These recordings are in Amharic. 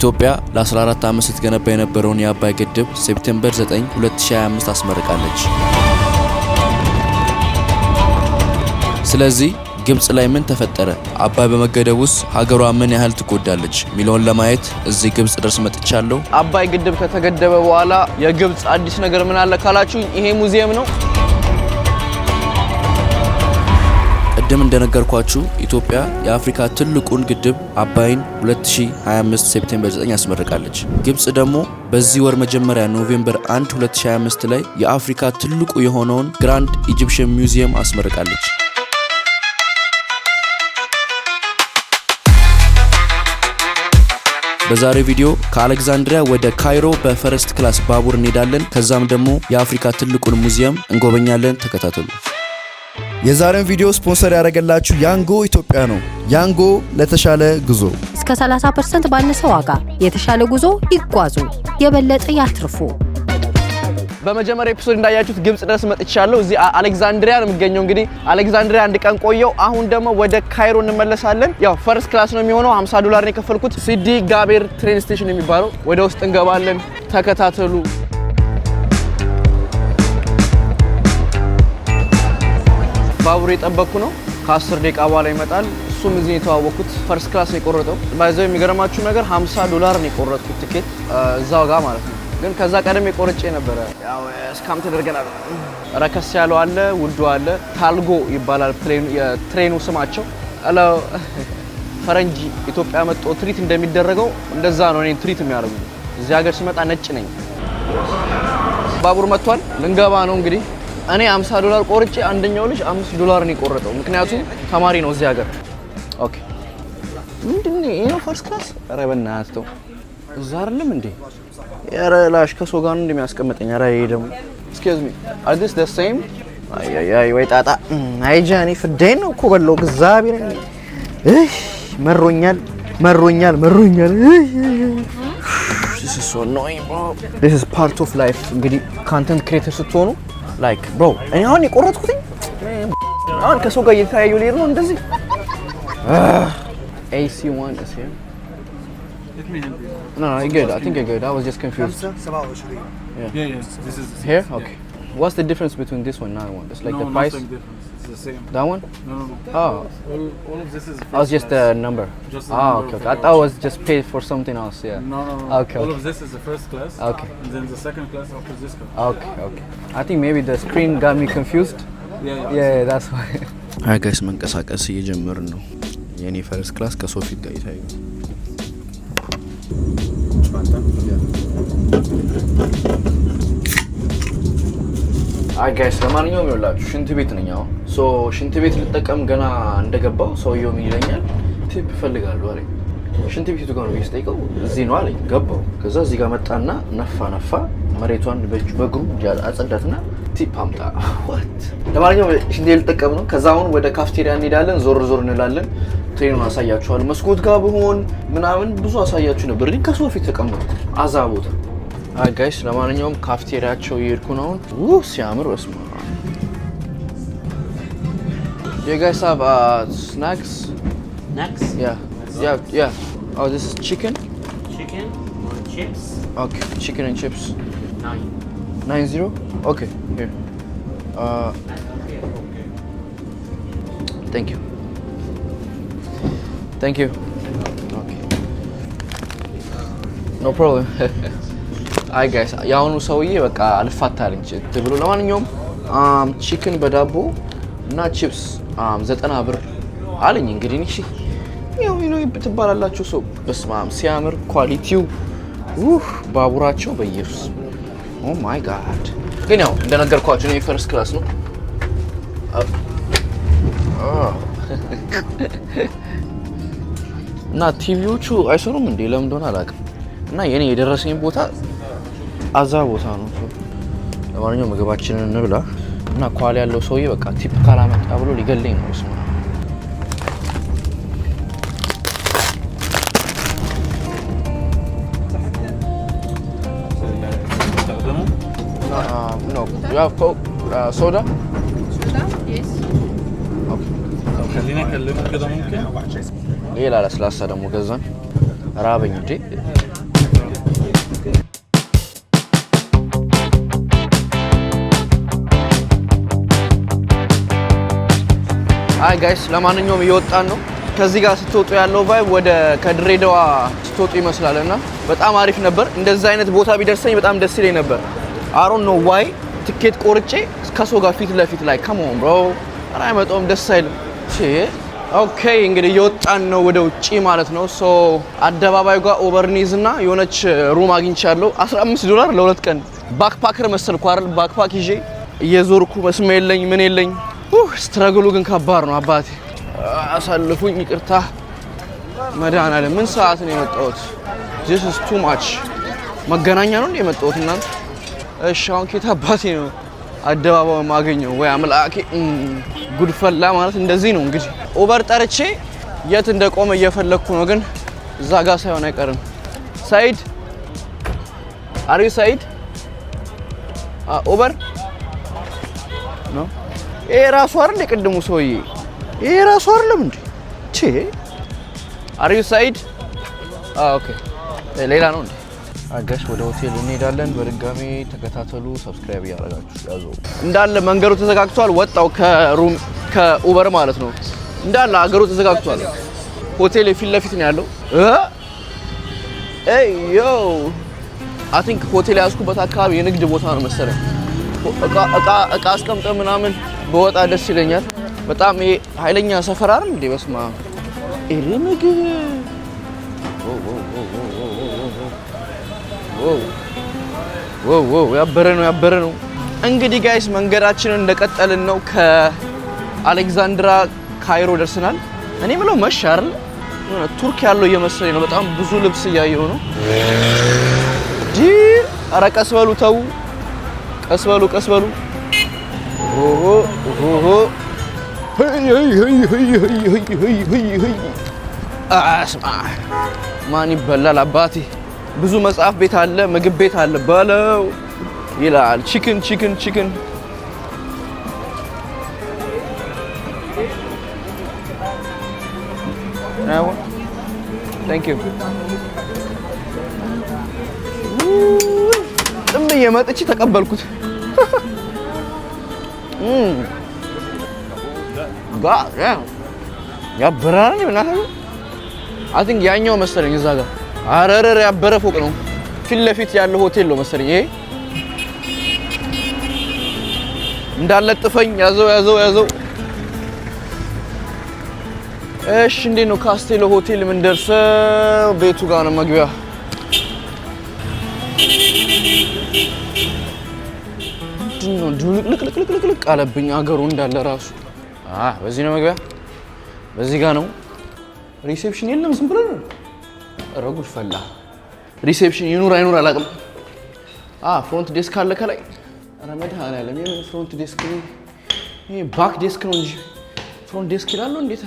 ኢትዮጵያ ለ14 ዓመት ስትገነባ የነበረውን የአባይ ግድብ ሴፕቴምበር 9 2025 አስመርቃለች። ስለዚህ ግብጽ ላይ ምን ተፈጠረ? አባይ በመገደብ ውስጥ ሀገሯ ምን ያህል ትጎዳለች? ሚለውን ለማየት እዚህ ግብጽ ድረስ መጥቻለሁ። አባይ ግድብ ከተገደበ በኋላ የግብጽ አዲስ ነገር ምን አለ ካላችሁ ይሄ ሙዚየም ነው። ቅድም እንደነገርኳችሁ ኢትዮጵያ የአፍሪካ ትልቁን ግድብ አባይን 2025 ሴፕቴምበር 9 ያስመርቃለች። ግብፅ ደግሞ በዚህ ወር መጀመሪያ ኖቬምበር 1 2025 ላይ የአፍሪካ ትልቁ የሆነውን ግራንድ ኢጂፕሽን ሚውዚየም አስመርቃለች። በዛሬው ቪዲዮ ከአሌክዛንድሪያ ወደ ካይሮ በፈረስት ክላስ ባቡር እንሄዳለን። ከዛም ደግሞ የአፍሪካ ትልቁን ሙዚየም እንጎበኛለን። ተከታተሉ። የዛሬን ቪዲዮ ስፖንሰር ያደረገላችሁ ያንጎ ኢትዮጵያ ነው። ያንጎ ለተሻለ ጉዞ እስከ 30% ባነሰ ዋጋ የተሻለ ጉዞ ይጓዙ፣ የበለጠ ያትርፉ። በመጀመሪያ ኤፒሶድ እንዳያችሁት ግብጽ ድረስ መጥቻለሁ። እዚህ አሌክዛንድሪያ ነው የሚገኘው። እንግዲህ አሌክዛንድሪያ አንድ ቀን ቆየው። አሁን ደግሞ ወደ ካይሮ እንመለሳለን። ያው ፈርስት ክላስ ነው የሚሆነው። 50 ዶላር ነው የከፈልኩት። ሲዲ ጋቤር ትሬን ስቴሽን የሚባለው ወደ ውስጥ እንገባለን። ተከታተሉ። ባቡር የጠበቅኩ ነው። ከአስር ደቂቃ በኋላ ይመጣል። እሱም እዚህ የተዋወቅኩት ፈርስት ክላስ የቆረጠው ባይዘው የሚገርማችሁ ነገር 50 ዶላር ነው የቆረጥኩት ትኬት እዛው ጋር ማለት ነው። ግን ከዛ ቀደም የቆረጬ ነበረ። እስካም ተደርገናል። ረከስ ያለው አለ፣ ውዱ አለ። ታልጎ ይባላል የትሬኑ ስማቸው። ፈረንጂ ኢትዮጵያ መጥቶ ትሪት እንደሚደረገው እንደዛ ነው እኔ ትሪት የሚያደርጉ። እዚህ ሀገር ሲመጣ ነጭ ነኝ። ባቡር መጥቷል፣ ልንገባ ነው እንግዲህ እኔ 50 ዶላር ቆርጬ አንደኛው ልጅ 5 ዶላር ነው የቆረጠው። ምክንያቱም ተማሪ ነው እዚህ ሀገር። ኦኬ ምንድን ነው ይሄ? ፈርስት ክላስ ረበና አስተው እዛ አይደለም እንዴ? ኧረ ላሽ ከሶ ጋር ነው እንደሚያስቀምጠኝ። ኧረ ይሄ ደግሞ ኤክስኪውዝ ሚ አር ዲስ ዘ ሴም? አይ አይ ወይ ጣጣ። አይ ጃኒ ፍዳይን ነው እኮ በለው። እግዚአብሔር እህ መሮኛል፣ መሮኛል፣ መሮኛል። ዲስ ኢዝ ሶ ኖይ ቦ ዲስ ኢዝ ፓርት ኦፍ ላይፍ። እንግዲህ ካንተንት ክሬተር ስትሆኑ ላይክ ብሮ እኔ አሁን የቆረጥኩትኝ አሁን ከሰው ጋር እየተለያዩ ሌር ነው እንደዚህ ኤሲ ዋን ስ No, no, you're good. I think you're good. I was just confused. Here? Okay. What's the difference between this one and that one? It's like the price the same. That one? No, Oh. All, all of this is. I was just class. a number. Just the oh, ah, number okay. okay. I thought was just paid for something else. Yeah. No, no, no. Okay. All of this is the first class. Okay. And then the second class after this class. Okay, okay. I think maybe the screen got me confused. Yeah, yeah. Yeah, that's why. አይ ጋይስ መንቀሳቀስ እየጀመርን ነው። የእኔ ፈርስት ክላስ ከሶፊት ጋር ይታዩ አጋሽ ለማንኛውም ይኸውላችሁ ሽንት ቤት ነኝ። አሁን ሶ ሽንት ቤት ልጠቀም ገና እንደገባው ሰውየው ምን ይለኛል፣ ቲፕ እፈልጋለሁ አለኝ። ሽንት ቤት የቱ ጋር ነው ስጠይቀው፣ እዚህ ነው አለኝ። ገባው። ከዛ እዚህ ጋር መጣና ነፋ ነፋ መሬቷን በእጁ በእግሩ አጸዳትና ቲፕ አምጣ። ለማንኛውም ሽንት ቤት ልጠቀም ነው። ከዛ አሁን ወደ ካፍቴሪያ እንሄዳለን፣ ዞር ዞር እንላለን። ትሬኑን አሳያችኋለሁ። መስኮት ጋር ብሆን ምናምን ብዙ አሳያችሁ ነበር። ከሱ በፊት ተቀመጥኩ አዛ ቦታ ጋይስ ለማንኛውም ካፍቴሪያቸው የሄድኩ ነው። አሁን ሲያምር በስማ የጋይስ ሀብ ስናክስ ቺክን ቺክን ቺፕስ ናይን ዚሮ ኦኬ ቴንክ ዩ ቴንክ ዩ ኖ ፕሮብለም አይ ጋይስ የአሁኑ ሰውዬ በቃ አልፋታ አለኝ ብሎ። ለማንኛውም ቺክን um, በዳቦ እና ቺፕስ um, ዘጠና ብር አለኝ። እንግዲህ እሺ ያው ትባላላችሁ ሰው በስማም አብ ሲያምር ኳሊቲው ውህ ባቡራቸው በኢየሱስ ኦ ማይ ጋድ። ግን ያው እንደነገርኳችሁ ነው የፈርስት ክላስ ነው። እና ቲቪዎቹ አይሰሩም እንዴ? ለምን እንደሆነ አላውቅም። እና የኔ የደረሰኝ ቦታ አዛ ቦታ ነው። ለማንኛውም ምግባችንን እንብላ እና ኳል ያለው ሰውዬ በቃ ቲፕ ካላመጣ ብሎ ሊገለኝ ነው ስሙ ሶዳ ሌላ ለስላሳ ደግሞ ገዛን። ራበኝ እንዴ አይ ጋይስ፣ ለማንኛውም እየወጣን ነው። ከዚህ ጋር ስትወጡ ያለው ቫይብ ወደ ከድሬዳዋ ስትወጡ ይመስላል እና በጣም አሪፍ ነበር። እንደዚህ አይነት ቦታ ቢደርሰኝ በጣም ደስ ይለኝ ነበር። አሮን ነው ዋይ ትኬት ቆርጬ ከሰው ጋር ፊት ለፊት ላይ ከመሆን ብሮ አይመጣውም፣ ደስ አይልም። ኦኬ እንግዲህ እየወጣን ነው ወደ ውጭ ማለት ነው። ሶ አደባባዩ ጋር ኦቨርኒዝ እና የሆነች ሩም አግኝቻለሁ 15 ዶላር ለሁለት ቀን። ባክፓከር መሰልኩ አይደል? ባክፓክ ይዤ እየዞርኩ መስመ የለኝ ምን የለኝ ስትረግሉ ግን ከባድ ነው አባቴ። አሳልፉኝ፣ ይቅርታ መድኃኒዓለም። ምን ሰዓት ነው የመጣሁት? ዚስ ኢዝ ቱ ማች። መገናኛ ነው እንዴ የመጣሁት እናንተ? እሺ አሁን ኬት አባቴ ነው አደባባይ ማገኘው? ወይ አምላኬ! ጉድፈላ ማለት እንደዚህ ነው እንግዲህ። ኡበር ጠርቼ የት እንደቆመ እየፈለግኩ ነው፣ ግን እዛ ጋር ሳይሆን አይቀርም። ሳይድ አሪ፣ ሳይድ ኡበር ይሄ ራሱ አይደል የቅድሙ ሰውዬ? ይሄ ራሱ አይደለም እንዴ? ቼ አሪዩ ሳይድ ኦኬ። ሌላ ነው እንዴ? አጋሽ ወደ ሆቴል እንሄዳለን። በድጋሚ ተከታተሉ። ሰብስክራይብ እያደረጋችሁ ያዙ። እንዳለ መንገዱ ተዘጋግቷል። ወጣው ከሩም ከኡበር ማለት ነው። እንዳለ አገሩ ተዘጋግቷል። ሆቴል የፊት ለፊት ነው ያለው። እ ዮ አይ ቲንክ ሆቴል ያዝኩበት አካባቢ የንግድ ቦታ ነው መሰለኝ። እቃ አስቀምጠ ምናምን በወጣ ደስ ይለኛል። በጣም ይሄ ኃይለኛ ሰፈር አይደል እንዴ? በስማ ኤሪ ምግብ ያበረ ነው ያበረ ነው። እንግዲህ ጋይስ መንገዳችንን እንደቀጠልን ነው። ከአሌክዛንድራ ካይሮ ደርስናል። እኔ ብለው መሻ አይደል ቱርክ ያለው እየመሰለኝ ነው። በጣም ብዙ ልብስ እያየሁ ነው። ዲ ኧረ ቀስ በሉ ተው ቀስ በሉ ቀስ በሉ። ኦሆ ኦሆ አስማ ማን ይበላል አባቴ። ብዙ መጽሐፍ ቤት አለ፣ ምግብ ቤት አለ በለው ይላል። ቺክን ቺክን ቺክን ጥም እየመጥቼ ተቀበልኩት። hmm. Enggak, ya. Ya berani ምናምን አይ ቲንክ ያኛው መሰለኝ እዛ ጋር አረረረ ያበረ ፎቅ ነው። ፊት ለፊት ያለው ሆቴል ነው መሰለኝ ይሄ። እንዳለጥፈኝ ያዘው ያዘው ያዘው። እሺ እንዴት ነው ካስቴሎ ሆቴል የምንደርሰው? ቤቱ ጋር ነው መግቢያ ድብልቅልቅልቅልቅ አለብኝ አገሩ እንዳለ ራሱ። በዚህ ነው መግቢያ፣ በዚህ ጋ ነው ሪሴፕሽን። የለም ዝም ብለን ኧረ ጉድ ፈላ። ሪሴፕሽን ይኑር አይኑር አላውቅም። ፍሮንት ዴስክ አለ ከላይ። ኧረ መድኃኒዓለም የምን ፍሮንት ዴስክ? ባክ ዴስክ ነው እንጂ ፍሮንት ዴስክ ይላሉ። እንዴት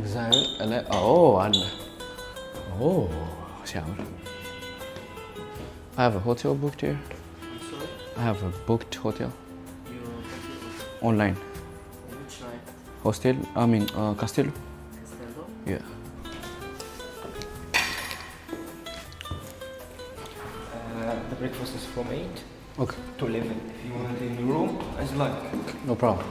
እግዚአብሔር አለ ሲያምር I have a booked hotel. Online. Which night? Hostel, I mean, uh, Castello. Castello? Yeah. Uh, the breakfast is from 8 okay. to 11. If you want it in the room, as you like. No problem.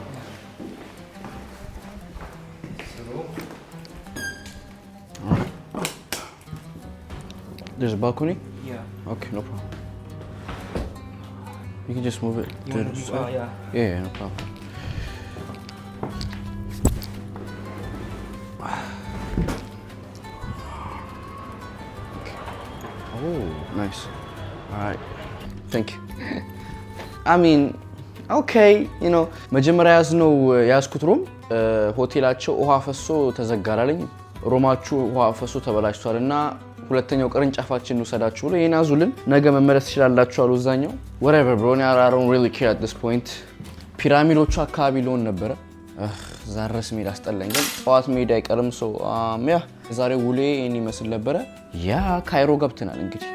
There's a balcony? Yeah. Okay, no problem. You can just move it to the side. Oh, yeah. yeah. Yeah, no problem. Oh, nice. All right. Thank you. I mean, okay, you know, መጀመሪያ ያዝነው የያዝኩት ሮም ሆቴላቸው ውሃ ፈሶ ተዘጋላለኝ። ሮማቹ ውሃ ፈሶ ተበላሽቷልና ሁለተኛው ቅርንጫፋችን እንውሰዳችሁ ብሎ የናዙልን ነገ መመለስ ትችላላችሁ አሉ። እዛኛው ወሬቨር ብሮን አራሮን ሪሊ ኬር አት ዲስ ፖይንት ፒራሚዶቹ አካባቢ ሊሆን ነበረ። ዛረስ ሜድ አስጠላኝ፣ ግን ጠዋት ሜዳ አይቀርም። ሰው ያ ዛሬ ውሌ ይህን ይመስል ነበረ። ያ ካይሮ ገብትናል እንግዲህ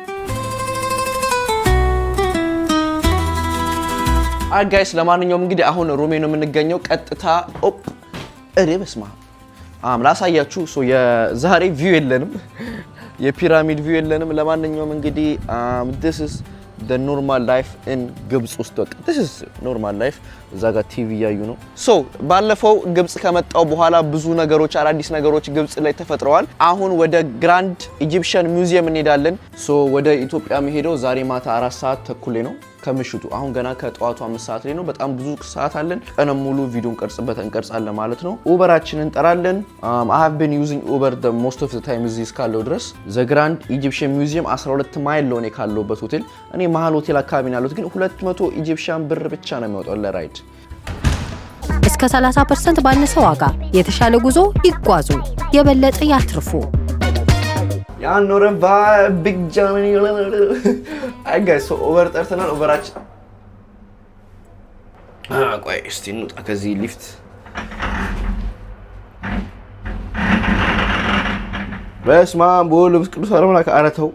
አጋይስ ለማንኛውም እንግዲህ አሁን ሮሜ ነው የምንገኘው። ቀጥታ ኦፕ እሬ በስማ ላሳያችሁ። የዛሬ ቪው የለንም የፒራሚድ ቪው የለንም። ለማንኛውም እንግዲህ ዲስ ኢዝ ደ ኖርማል ላይፍ ኢን ግብጽ ውስጥ ወጥ ዲስ ኢዝ ኖርማል ላይፍ። እዛ ጋር ቲቪ እያዩ ነው። ሶ ባለፈው ግብጽ ከመጣው በኋላ ብዙ ነገሮች አዳዲስ ነገሮች ግብጽ ላይ ተፈጥረዋል። አሁን ወደ ግራንድ ኢጂፕሽን ሚውዚየም እንሄዳለን። ሶ ወደ ኢትዮጵያ መሄደው ዛሬ ማታ አራት ሰዓት ተኩሌ ነው ከምሽቱ አሁን ገና ከጠዋቱ አምስት ሰዓት ላይ ነው። በጣም ብዙ ሰዓት አለን። ቀንም ሙሉ ቪዲዮ እንቀርጽበት እንቀርጻለን ማለት ነው። ኡበራችን እንጠራለን። አሃቭ ቢን ዩዚንግ ኡበር ሞስት ኦፍ ዘ ታይም እዚህ እስካለው ድረስ ዘ ግራንድ ኢጂፕሽን ሚውዚየም 12 ማይል ለሆነ ካለውበት ሆቴል እኔ መሀል ሆቴል አካባቢ ነው ያለሁት፣ ግን 200 ኢጂፕሽን ብር ብቻ ነው የሚወጣው ለራይድ እስከ 30 ፐርሰንት ባነሰ ዋጋ የተሻለ ጉዞ ይጓዙ፣ የበለጠ ያትርፉ። Yan Noran var, Big አይ ጋይስ ኦቨር ጠርተናል። ኦቨራችን ቆይ እስቲ እንውጣ ከዚህ ሊፍት። በስመ አብ ወወልድ ወመንፈስ ቅዱስ አሐዱ አምላክ። ኧረ ተው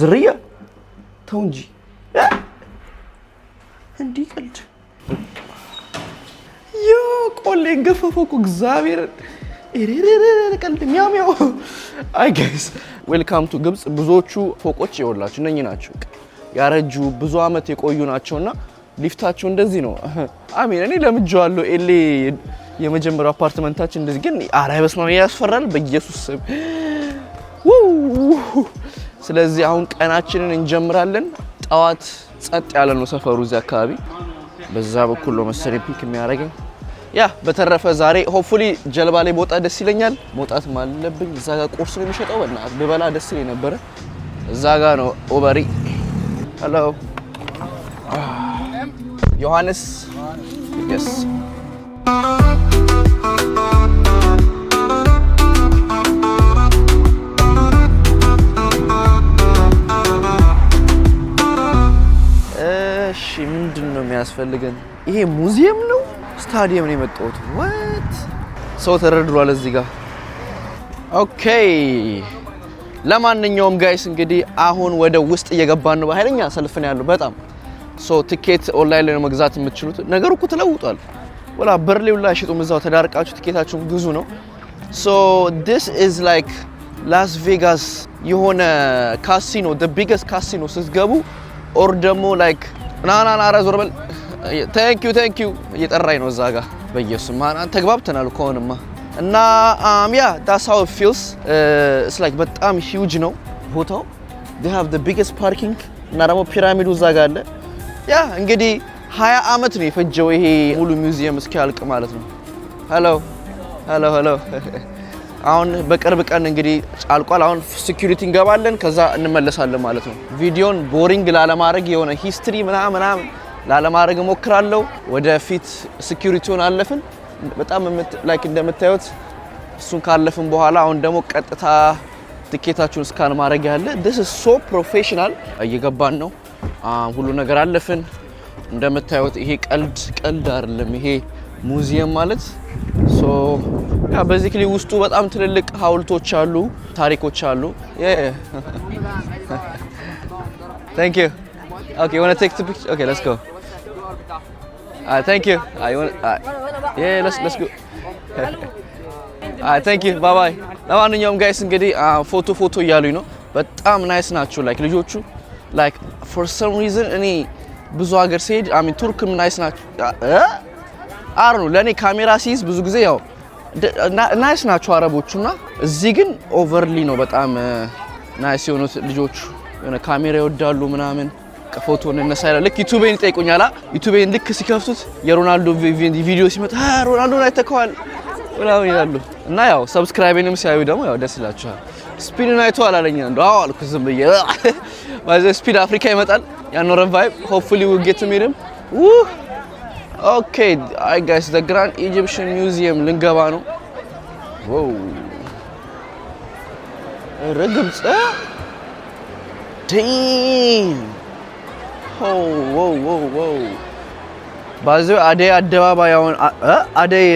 ዝርያ ተው እንጂ እንዲህ ቀልድ። ያ ቆሌን ገፈፈው እኮ እግዚአብሔርን ቀልድ ሚያው ሚያው። አይ ጋይስ ዌልካም ቱ ግብጽ። ብዙዎቹ ፎቆች ይወላችሁ እነኚህ ናቸው ያረጁ ብዙ አመት የቆዩ ናቸውና ሊፍታቸው እንደዚህ ነው። አሚን እኔ ለምጄዋለሁ። ኤሌ የመጀመሪያው አፓርትመንታችን እንደዚህ ግን ያስፈራል። በኢየሱስ ስም ስለዚህ አሁን ቀናችንን እንጀምራለን። ጠዋት ጸጥ ያለ ነው ሰፈሩ እዚህ አካባቢ። በዛ በኩል ነው መሰለኝ ፒክ የሚያደርገኝ ያ በተረፈ ዛሬ ሆፕፉሊ ጀልባ ላይ መውጣት ደስ ይለኛል። መውጣትም አለብኝ። እዛ ጋር ቁርስ ነው የሚሸጠው። በና ብበላ ደስ ይለኝ ነበረ። እዛ ጋ ነው ኦበሪ። ሄሎ ዮሐንስ እሺ፣ ምንድን ነው የሚያስፈልገን? ይሄ ሙዚየም ነው ስታዲየም ነው የመጣሁት። ወት ሰው ተረድሯል እዚህ ጋር። ኦኬ ለማንኛውም ጋይስ እንግዲህ አሁን ወደ ውስጥ እየገባን ነው። በኃይለኛ ሰልፍ ነው ያለው በጣም ሶ ቲኬት ኦንላይን ላይ ነው መግዛት የምትችሉት። ነገሩ እኮ ተለውጧል። ወላ በርሌው ላይ ሽጡ እዛው ተዳርቃችሁ ቲኬታችሁ ግዙ ነው። ሶ ዲስ ኢዝ ላይክ ላስ ቬጋስ የሆነ ካሲኖ ደ ቢገስት ካሲኖ ስትገቡ ኦር ደግሞ ላይክ ናናና ኧረ ዞር በል ቴንክ ዩ ቴንክ ዩ እየጠራኝ ነው እዛ ጋር በየሱም ተግባብተናል ከሆንማ እና ያ ዳስ ፊልስ ኢትስ ላይክ በጣም ሂውጅ ነው ቦታው ዴይ ሃቭ ዘ ቢግስት ፓርኪንግ እና ደግሞ ፒራሚዱ እዛ ጋር አለ። ያ እንግዲህ ሀያ አመት ነው የፈጀው ይሄ ሙሉ ሚውዚየም እስኪያልቅ ማለት ነው። ሄሎ ሄሎ ሄሎ አሁን በቅርብ ቀን እንግዲህ ጫልቋል። አሁን ሴኩሪቲ እንገባለን፣ ከዛ እንመለሳለን ማለት ነው። ቪዲዮን ቦሪንግ ላለማድረግ የሆነ ሂስትሪ ምናምን ምናምን ላለማድረግ እሞክራለሁ። ወደፊት ሴኩሪቲውን አለፍን። በጣም ላይክ እንደምታዩት እሱን ካለፍን በኋላ አሁን ደግሞ ቀጥታ ትኬታችሁን እስካን ማድረግ ያለ ስ ሶ ፕሮፌሽናል እየገባን ነው። ሁሉ ነገር አለፍን። እንደምታዩት ይሄ ቀልድ ቀልድ አይደለም። ይሄ ሙዚየም ማለት ያ በዚክሊ ውስጡ በጣም ትልልቅ ሀውልቶች አሉ፣ ታሪኮች አሉ። ቴንክ ዩ ኦኬ Alright, thank you. you wanna, Uh, yeah, let's let's go. ታንክ ዩ ባይ ባይ። ለማንኛውም ጋይስ እንግዲህ ፎቶ ፎቶ እያሉኝ ነው። በጣም ናይስ ናቸው ላይክ ልጆቹ ላይክ ፎር ሰም ሪዝን እኔ ብዙ ሀገር ሲሄድ አሚን ቱርክም ናይስ ናቸው። አር ነው ለእኔ ካሜራ ሲይዝ ብዙ ጊዜ ያው ናይስ ናቸው አረቦቹ እና እዚህ ግን ኦቨርሊ ነው በጣም ናይስ የሆኑት ልጆቹ የሆነ ካሜራ ይወዳሉ ምናምን በቃ ፎቶ እንነሳለን። ልክ ዩቱቤን ይጠይቁኛል። ዩቱቤን ልክ ሲከፍቱት የሮናልዶ ቪዲዮ ሲመጣ ሮናልዶን አይተከዋል ምናምን ይላሉ እና ያው ሰብስክራይቤንም ሲያዩ ደግሞ ያው ደስ ይላችኋል። ስፒድን አይቶ አላለኝ እንደ አዎ አልኩ ዝም ብዬ ማዘ ስፒድ አፍሪካ ይመጣል ያኖረን ቫይብ ሆፕፉሊ ዊል ጌት ሜድም ኦኬ አይ ጋይስ ዘ ግራንድ ኢጂፕሽን ሚውዚየም ልንገባ ነው። ወው ኧረ ግብፅ ዳም ባዚ አደይ አደባባይ አሁን አደይ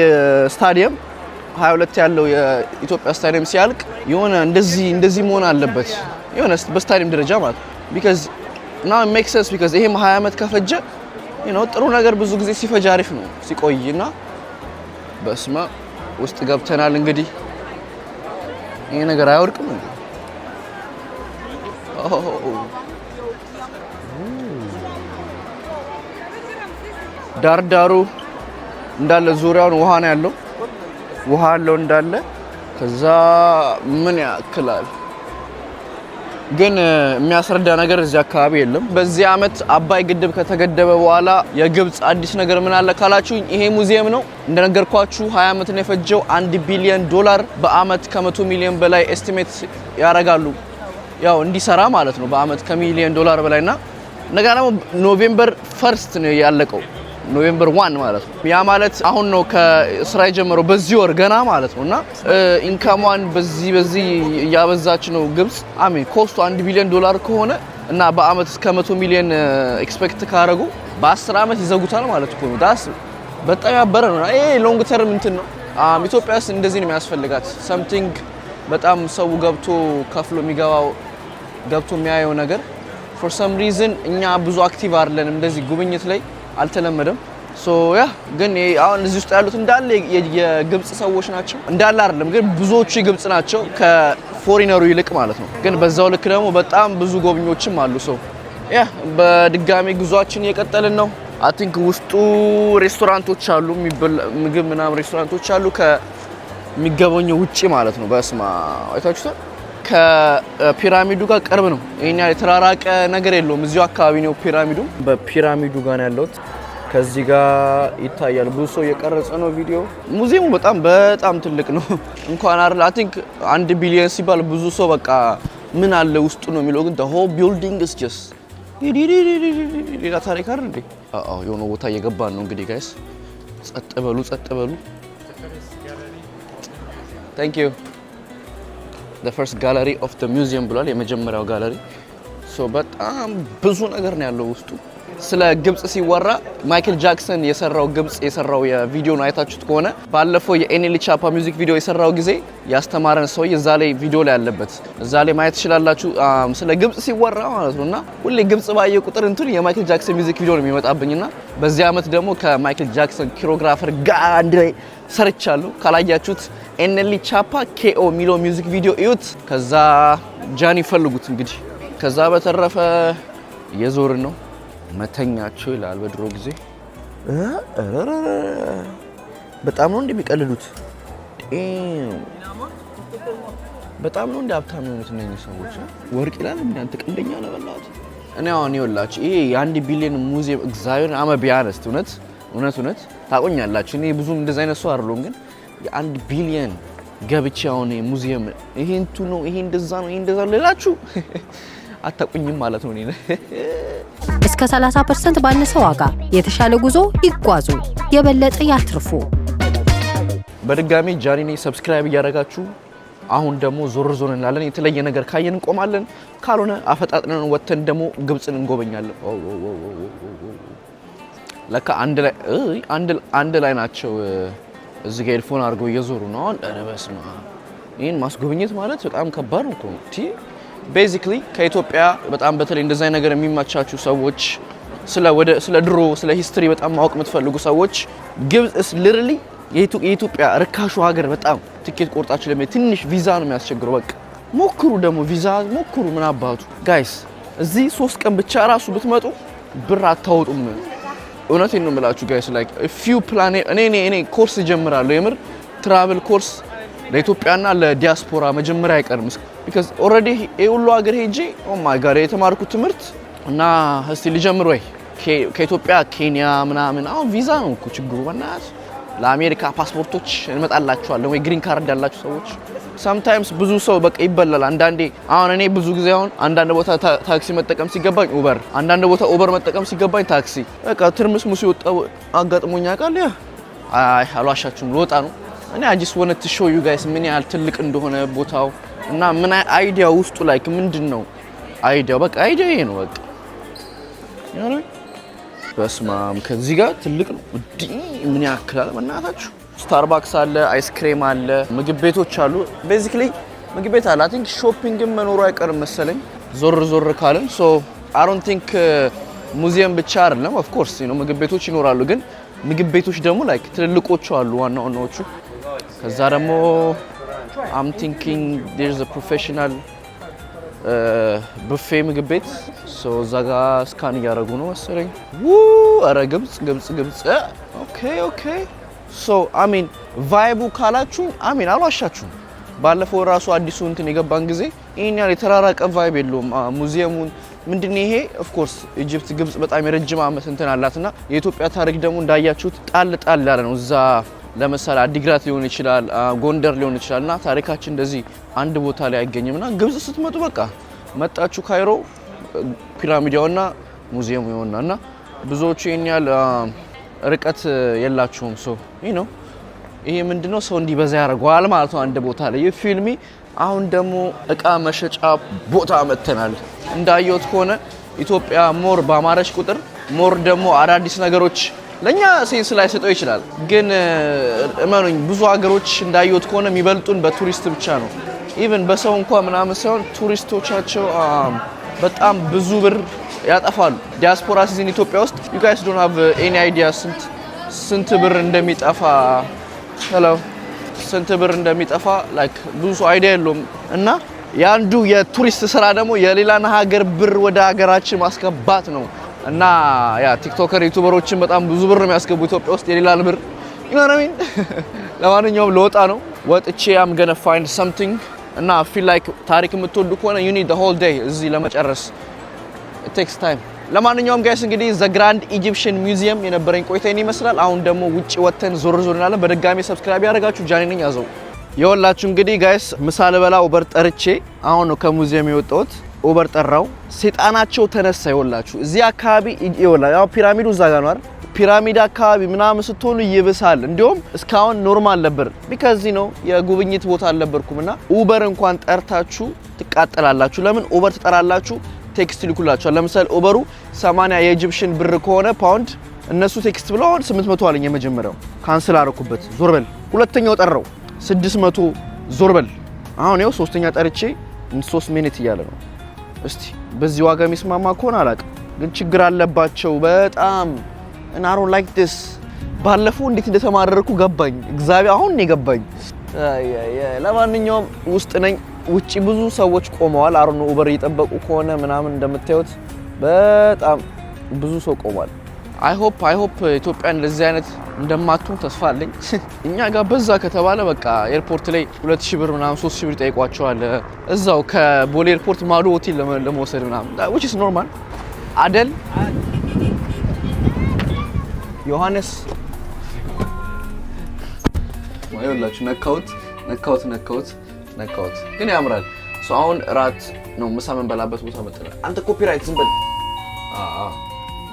ስታዲየም 22 ያለው የኢትዮጵያ uh, ስታዲየም ሲያልቅ የሆነ እንደዚህ እንደዚህ መሆን አለበት የሆነ በስታዲየም ደረጃ ማለት ቢካዝ ና ሜክ ሰንስ ቢካዝ ይሄም 20 ዓመት ከፈጀ ጥሩ ነገር ብዙ ጊዜ ሲፈጅ አሪፍ ነው ሲቆይ እና ውስጥ ገብተናል። እንግዲህ ይሄ ነገር አይወድቅም። ዳር ዳሩ እንዳለ ዙሪያውን ውሃ ነው ያለው። ውሃ ያለው እንዳለ ከዛ ምን ያክላል ግን የሚያስረዳ ነገር እዚህ አካባቢ የለም። በዚህ ዓመት አባይ ግድብ ከተገደበ በኋላ የግብፅ አዲስ ነገር ምን አለ ካላችሁ ይሄ ሙዚየም ነው። እንደነገርኳችሁ 20 ዓመት ነው የፈጀው። አንድ ቢሊዮን ዶላር በአመት ከ100 ሚሊዮን በላይ ኤስቲሜት ያደርጋሉ ያው እንዲሰራ ማለት ነው። በአመት ከሚሊዮን ዶላር በላይ እና ነገ ደግሞ ኖቬምበር ፈርስት ነው ያለቀው። ኖቬምበር ዋን ማለት ነው። ያ ማለት አሁን ነው ከስራ የጀመረው በዚህ ወር ገና ማለት ነው። እና ኢንካሟን በዚህ በዚህ እያበዛች ነው ግብጽ አሜን ኮስቱ አንድ ቢሊዮን ዶላር ከሆነ እና በአመት እስከ መቶ ሚሊዮን ኤክስፔክት ካረጉ በአስር ዓመት ይዘጉታል ማለት ነው። ዳስ በጣም ያበረ ነው። ይሄ ሎንግ ተርም እንትን ነው። ኢትዮጵያ ውስጥ እንደዚህ ነው የሚያስፈልጋት። ሰምቲንግ በጣም ሰው ገብቶ ከፍሎ የሚገባው ገብቶ የሚያየው ነገር ፎር ሰም ሪዝን እኛ ብዙ አክቲቭ አይደለንም እንደዚህ ጉብኝት ላይ አልተለመደም። ያ ግን አሁን እዚህ ውስጥ ያሉት እንዳለ የግብፅ ሰዎች ናቸው እንዳለ አይደለም፣ ግን ብዙዎቹ የግብፅ ናቸው ከፎሪነሩ ይልቅ ማለት ነው። ግን በዛው ልክ ደግሞ በጣም ብዙ ጎብኚዎችም አሉ። ሰው ያ በድጋሚ ጉዟችን እየቀጠልን ነው። አይ ቲንክ ውስጡ ሬስቶራንቶች አሉ፣ ምግብ ምናምን ሬስቶራንቶች አሉ ከሚገበኘው ውጪ ማለት ነው። በስማ አይታችሁታል ከፒራሚዱ ጋር ቅርብ ነው። ይሄን ያህል የተራራቀ ነገር የለውም። እዚሁ አካባቢ ነው ፒራሚዱ። በፒራሚዱ ጋር ነው ያለሁት። ከዚህ ጋር ይታያል። ብዙ ሰው እየቀረጸ ነው ቪዲዮ። ሙዚየሙ በጣም በጣም ትልቅ ነው። እንኳን አይደል አይ ቲንክ አንድ ቢሊዮን ሲባል ብዙ ሰው በቃ ምን አለ ውስጡ ነው የሚለው፣ ግን ሆ ቢልዲንግ ስ ሌላ ታሪክ አይደል እንዴ? የሆነ ቦታ እየገባን ነው እንግዲህ ጋይስ። ጸጥ በሉ ጸጥ በሉ። ታንክ ዩ ፈርስት ጋለሪ ኦፍ ሚውዚየም ብሏል። የመጀመሪያው ጋለሪ በጣም ብዙ ነገር ነው ያለው ውስጡ ስለ ግብጽ ሲወራ ማይክል ጃክሰን የሰራው ግብጽ የሰራው ነው። አይታችሁት ከሆነ ባለፈው የኤኔሊ ቻፓ ሚዚክ ቪዲዮ የሰራው ጊዜ ያስተማረን ሰውዬ እዛ ላይ ቪዲዮ ላይ ያለበት እዛ ላይ ማየት ትችላላችሁ። ስለ ግብጽ ሲወራ ማለት ነው እና ሁሌ ግብጽ ባየ ቁጥር እንትን የማይክል ጃክሰን ሚዚክ ቪዲዮ ነው የሚመጣብኝ እና በዚህ ዓመት ደግሞ ከማይክል ጃክሰን ኪሮግራፈር ጋር አንድ ላይ ሰርቻለሁ። ካላያችሁት ኤኔሊ ቻፓ ኬኦ የሚለው ሚዚክ ቪዲዮ እዩት፣ ከዛ ጃን ይፈልጉት እንግዲህ ከዛ በተረፈ የዞርን ነው። መተኛቸው ይላል። በድሮ ጊዜ በጣም ነው እንደሚቀልሉት፣ በጣም ነው እንደ ሀብታም የሆኑት እነኝህ ሰዎች። ወርቅ ይላል እናንተ ቀልደኛ ነው በላት። እኔ አሁን ይኸውላችሁ ይሄ የአንድ ቢሊዮን ሙዚየም እግዚአብሔር ቢያነስት እውነት እውነት እውነት ታቆኛላችሁ። እኔ ብዙም እንደዚ አይነት ሰው አይደለሁም፣ ግን የአንድ ቢሊየን ገብቼ አሁን ሙዚየም ይሄ እንቱ ነው ይሄ እንደዛ ነው ይሄ እንደዛ ነው ሌላችሁ አታቆኝም ማለት ነው እኔ እስከ 30% ባነሰ ዋጋ የተሻለ ጉዞ ይጓዙ፣ የበለጠ ያትርፉ። በድጋሚ ጃኒኔ ሰብስክራይብ እያደረጋችሁ አሁን ደግሞ ዞር ዞር እንላለን። የተለየ ነገር ካየን እንቆማለን፣ ካልሆነ አፈጣጥነን ወጥተን ደግሞ ግብፅን እንጎበኛለን። ለካ አንድ ላይ ናቸው። እዚ ጋ ሄድፎን አድርገው እየዞሩ ነው። አሁን በስመ ይህን ማስጎብኘት ማለት በጣም ከባድ ነው። ቤዚክሊ ከኢትዮጵያ በጣም በተለይ እንደዚህ ነገር የሚመቻችሁ ሰዎች ስለ ድሮ ስለ ሂስትሪ በጣም ማወቅ የምትፈልጉ ሰዎች ግብጽ ልርሊ የኢትዮጵያ ርካሹ ሀገር በጣም ትኬት ቆርጣችሁ ለመሄድ ትንሽ ቪዛ ነው የሚያስቸግረው። በቃ ሞክሩ፣ ደግሞ ቪዛ ሞክሩ። ምን አባቱ ጋይስ፣ እዚህ ሶስት ቀን ብቻ ራሱ ብትመጡ ብር አታወጡም። እውነቴን ነው የምላችሁ ጋይስ። ላይክ ፊው ፕላኔ እኔ እኔ ኮርስ ይጀምራለሁ የምር ትራቭል ኮርስ ለኢትዮጵያና ለዲያስፖራ መጀመሪያ አይቀርም ቢካዝ ኦልሬዲ ይሄ ሁሉ ሀገር ሄጄ ኦ ማይ ጋድ የተማርኩት ትምህርት እና እስቲ ልጀምር ወይ ከኢትዮጵያ ኬንያ ምናምን። አሁን ቪዛ ነው እኮ ችግሩ። በእናትህ ለአሜሪካ ፓስፖርቶች እንመጣላችኋለን ወይ ግሪን ካርድ ያላችሁ ሰዎች። ሰምታይምስ ብዙ ሰው በቃ ይበላል። አንዳንዴ አሁን እኔ ብዙ ጊዜ አሁን አንዳንድ ቦታ ታክሲ መጠቀም ሲገባኝ ኡበር፣ አንዳንድ ቦታ ኡበር መጠቀም ሲገባኝ ታክሲ። በቃ ትርምስ ሙስ ወጣ አጋጥሞኛ ቃል ያ አይ አልዋሻችሁም፣ ልወጣ ነው እኔ አጂስ ወነት ሾው ዩ ጋይስ ምን ያህል ትልቅ እንደሆነ ቦታው እና ምን አይዲያ ውስጡ ላይክ ምንድን ነው አይዲያው? በቃ አይዲያ ይሄ ነው በቃ ያለ በስማም። ከዚህ ጋር ትልቅ ነው እዲ ምን ያክላል በእናታችሁ። ስታርባክስ አለ፣ አይስክሬም አለ፣ ምግብ ቤቶች አሉ። ቤዚክሊ ምግብ ቤት አለ። አይ ቲንክ ሾፒንግም መኖሩ አይቀርም መሰለኝ ዞር ዞር ካለን። ሶ አይ ዶንት ቲንክ ሙዚየም ብቻ አይደለም። ኦፍ ኮርስ ዩ ኖ ምግብ ቤቶች ይኖራሉ፣ ግን ምግብ ቤቶች ደግሞ ላይክ ትልልቆቹ አሉ ዋና ዋናዎቹ። ከዛ ደግሞ አም ቲንኪንግ ዴርዝ ፕሮፌሽናል ብፌ ምግብ ቤት እዛ ጋ ስካን እያደረጉ ነው መሰለኝ። ኧረ ግብፅ ግብፅ ግብፅ ኦኬ ኦኬ። ሶ አሚን ቫይቡ ካላችሁ አሚን አሏሻችሁም ባለፈው ራሱ አዲሱ እንትን የገባን ጊዜ ይህን ያህል የተራራቀ ቫይብ የለውም። ሙዚየሙን ምንድን ይሄ ኦፍኮርስ ኢጅፕት ግብጽ በጣም የረጅም አመት እንትን አላትና የኢትዮጵያ ታሪክ ደግሞ እንዳያችሁት ጣል ጣል ያለ ነው እዛ ለምሳሌ አዲግራት ሊሆን ይችላል፣ ጎንደር ሊሆን ይችላል እና ታሪካችን እንደዚህ አንድ ቦታ ላይ አይገኝም እና ግብጽ ስትመጡ በቃ መጣችሁ ካይሮ ፒራሚድ ያውና ሙዚየሙ የሆና እና ብዙዎቹ ይህን ያህል ርቀት የላችሁም። ሶ ይህ ነው ይሄ ምንድነው ሰው እንዲበዛ ያደርገዋል ማለት ነው አንድ ቦታ ላይ ፊልሚ። አሁን ደግሞ እቃ መሸጫ ቦታ መጥተናል። እንዳየሁት ከሆነ ኢትዮጵያ ሞር ባማረች ቁጥር ሞር ደግሞ አዳዲስ ነገሮች ለእኛ ሴንስ ላይ ሰጠው ይችላል፣ ግን እመኑኝ ብዙ ሀገሮች እንዳየሁት ከሆነ የሚበልጡን በቱሪስት ብቻ ነው። ኢቨን በሰው እንኳ ምናምን ሳይሆን ቱሪስቶቻቸው በጣም ብዙ ብር ያጠፋሉ። ዲያስፖራ ሲዝን ኢትዮጵያ ውስጥ ዩ ጋይስ ዶንት ሃቭ ኤኒ አይዲያ ስንት ስንት ብር እንደሚጠፋ ሄሎ ስንት ብር እንደሚጠፋ ላይክ ብዙ ሰው አይዲያ የለውም። እና የአንዱ የቱሪስት ስራ ደግሞ የሌላን ሀገር ብር ወደ ሀገራችን ማስገባት ነው። እና ያ ቲክቶከር ዩቱበሮችን በጣም ብዙ ብር ነው የሚያስገቡ ኢትዮጵያ ውስጥ የሌላን ብር ይናራሚን። ለማንኛውም ለወጣ ነው ወጥቼ አም ገነ ፋይንድ ሰምቲንግ እና ፊል ላይክ ታሪክ የምትወዱ ከሆነ ዩ ኒድ ሆል ዴይ እዚህ ለመጨረስ ቴክስ ታይም። ለማንኛውም ጋይስ እንግዲህ ዘ ግራንድ ኢጂፕሽን ሚውዚየም የነበረኝ ቆይታ ይመስላል። አሁን ደግሞ ውጭ ወጥተን ዞር ዞር እናለን። በድጋሚ ሰብስክራይብ ያደረጋችሁ ጃኒ ነኝ ያዘው የወላችሁ እንግዲህ ጋይስ ምሳ ልበላ ኦበር ጠርቼ አሁን ነው ከሙዚየም የወጣሁት። ኦበር ጠራው። ሴጣናቸው ተነሳ። ይወላችሁ እዚህ አካባቢ ይወላ ያው ፒራሚዱ እዛ ጋር ነው አይደል? ፒራሚድ አካባቢ ምናምን ስትሆኑ ይብሳል። እንዲሁም እስካሁን ኖርማል ነበር። ቢከዚህ ነው የጉብኝት ቦታ አልነበርኩም እና ኡበር እንኳን ጠርታችሁ ትቃጠላላችሁ። ለምን ኡበር ትጠራላችሁ? ቴክስት ይልኩላችኋል። ለምሳሌ ኡበሩ 80 የኢጅፕሽን ብር ከሆነ ፓውንድ እነሱ ቴክስት ብለው አሁን 800 አለኝ። የመጀመሪያው ካንስል አረኩበት፣ ዞር በል። ሁለተኛው ጠራው 600፣ ዞር በል። አሁን ያው ሶስተኛ ጠርቼ 3 ሚኒት እያለ ነው እስቲ በዚህ ዋጋ የሚስማማ ከሆነ አላውቅም፣ ግን ችግር አለባቸው በጣም ናሮ ላይክ ዲስ። ባለፈው እንዴት እንደተማረርኩ ገባኝ። እግዚአብሔር አሁን ነው የገባኝ። ለማንኛውም ውስጥ ነኝ። ውጭ ብዙ ሰዎች ቆመዋል። አሮን ኡበር እየጠበቁ ከሆነ ምናምን እንደምታዩት በጣም ብዙ ሰው ቆሟል። አይሆፕ አይሆፕ ኢትዮጵያ እንደዚህ አይነት እንደማቱን ተስፋ አለኝ። እኛ ጋር በዛ ከተባለ በቃ ኤርፖርት ላይ ሁለት ሺህ ብር ምናምን ሶስት ሺህ ብር ጠይቋቸዋል። እዛው ከቦሌ ኤርፖርት ማዶ ሆቴል ለመውሰድ ምናምን ዊች ኢስ ኖርማል አደል ዮሐንስ ይኸውላችሁ ነካሁት ነካሁት ነካሁት ነካሁት፣ ግን ያምራል። አሁን እራት ነው ምሳ መንበላበት ቦታ መጠናል። አንተ ኮፒራይት ዝም በል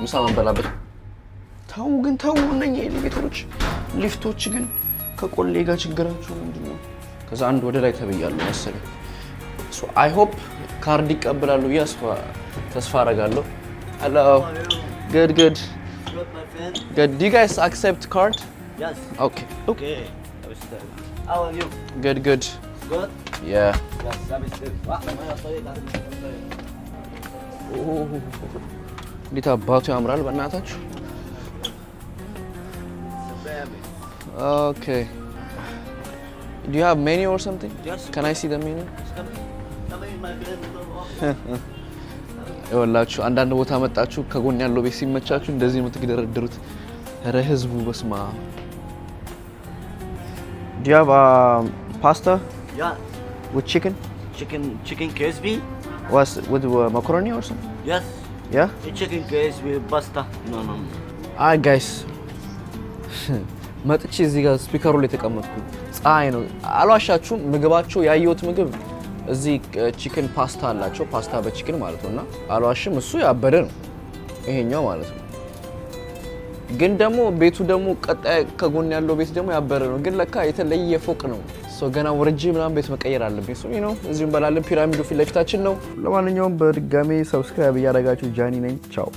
ምሳ መንበላበት ተው ግን ተው። እነኛ ኤሌቬተሮች፣ ሊፍቶች ግን ከቆሌ ጋር ችግራቸው ምንድን ነው? ከዛ አንድ ወደ ላይ ተብያለሁ መሰለኝ። አይ ሆፕ ካርድ ይቀበላሉ ብዬ ተስፋ አደርጋለሁ። ሄሎ ጉድ ጉድ ጉድ ዱ ጋይስ አክሴፕት ካርድ ኦኬ ኦኬ ጉድ እንዴት አባቱ ያምራል በእናታችሁ Okay. Do you have menu or something? Yes. Can I see the menu? ይኸውላችሁ አንዳንድ ቦታ መጣችሁ ከጎን ያለው ቤት ሲመቻችሁ እንደዚህ ነው የምትደረድሩት። ኧረ ህዝቡ በስማ Do you have uh, pasta with chicken? chicken, chicken Was with uh, macaroni or something? Yes, Yeah? chicken pasta. No, no, no. Alright guys. መጥቼ እዚህ ጋር ስፒከሩ ላይ የተቀመጥኩ ፀሐይ ነው። አልዋሻችሁም። ምግባቸው ያየሁት ምግብ እዚህ ቺክን ፓስታ አላቸው፣ ፓስታ በቺክን ማለት ነው። እና እሱ ያበደ ነው ይሄኛው ማለት ነው። ግን ደግሞ ቤቱ ደግሞ ቀጣይ ከጎን ያለው ቤት ደግሞ ያበደ ነው። ግን ለካ የተለየ ፎቅ ነው። ገና ወርጄ ምናምን ቤት መቀየር አለብኝ። ሱ ነው እዚሁ እንበላለን። ፒራሚዱ ፊት ለፊታችን ነው። ለማንኛውም በድጋሜ ሰብስክራይብ እያደረጋችሁ ጃኒ ነኝ። ቻው